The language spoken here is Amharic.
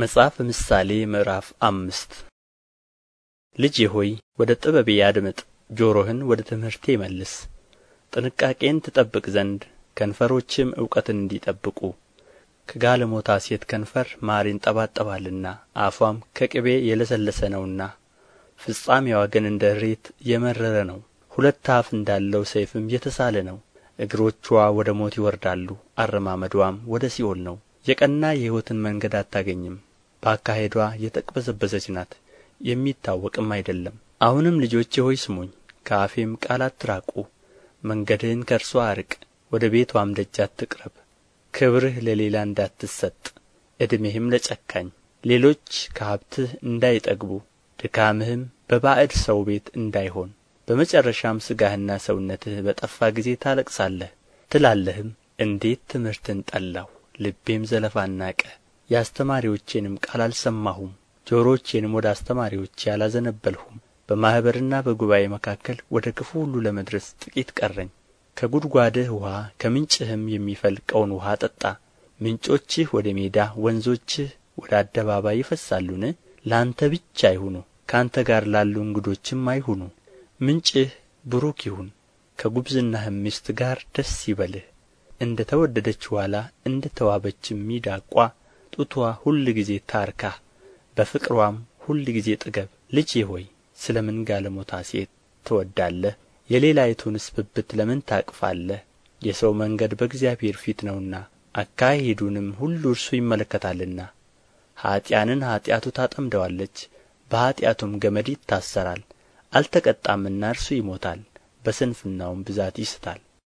መጽሐፈ ምሳሌ ምዕራፍ አምስት ልጄ ሆይ ወደ ጥበቤ አድምጥ፣ ጆሮህን ወደ ትምህርቴ መልስ። ጥንቃቄን ትጠብቅ ዘንድ ከንፈሮችም እውቀትን እንዲጠብቁ። ከጋለሞታ ሴት ከንፈር ማር ይንጠባጠባልና አፏም ከቅቤ የለሰለሰ ነውና፣ ፍጻሜዋ ግን እንደ እሬት የመረረ ነው፣ ሁለት አፍ እንዳለው ሰይፍም የተሳለ ነው። እግሮቿ ወደ ሞት ይወርዳሉ፣ አረማመዷም ወደ ሲኦል ነው። የቀና የሕይወትን መንገድ አታገኝም። በአካሄድዋ የተቅበዘበዘች ናት የሚታወቅም አይደለም አሁንም ልጆቼ ሆይ ስሙኝ ከአፌም ቃል አትራቁ መንገድህን ከእርሷ አርቅ ወደ ቤቷም ደጅ አትቅረብ ክብርህ ለሌላ እንዳትሰጥ ዕድሜህም ለጨካኝ ሌሎች ከሀብትህ እንዳይጠግቡ ድካምህም በባዕድ ሰው ቤት እንዳይሆን በመጨረሻም ሥጋህና ሰውነትህ በጠፋ ጊዜ ታለቅሳለህ ትላለህም እንዴት ትምህርትን ጠላሁ ልቤም ዘለፋን ናቀ የአስተማሪዎቼንም ቃል አልሰማሁም ጆሮቼንም ወደ አስተማሪዎቼ አላዘነበልሁም በማኅበርና በጉባኤ መካከል ወደ ክፉ ሁሉ ለመድረስ ጥቂት ቀረኝ ከጉድጓድህ ውኃ ከምንጭህም የሚፈልቀውን ውኃ ጠጣ ምንጮችህ ወደ ሜዳ ወንዞችህ ወደ አደባባይ ይፈሳሉን ለአንተ ብቻ አይሁኑ ከአንተ ጋር ላሉ እንግዶችም አይሁኑ ምንጭህ ብሩክ ይሁን ከጉብዝናህም ሚስት ጋር ደስ ይበልህ እንደ ተወደደች ዋላ እንደ ተዋበችም ሚዳቋ በጡትዋ ሁል ጊዜ ታርካ በፍቅርዋም ሁል ጊዜ ጥገብ ልጄ ሆይ ስለ ምን ጋለሞታ ሴት ትወድዳለህ የሌላይቱንስ ብብት ለምን ታቅፋለህ የሰው መንገድ በእግዚአብሔር ፊት ነውና አካሄዱንም ሁሉ እርሱ ይመለከታልና ኀጥኣንን ኀጢአቱ ታጠምደዋለች በኀጢአቱም ገመድ ይታሰራል አልተቀጣምና እርሱ ይሞታል በስንፍናውም ብዛት ይስታል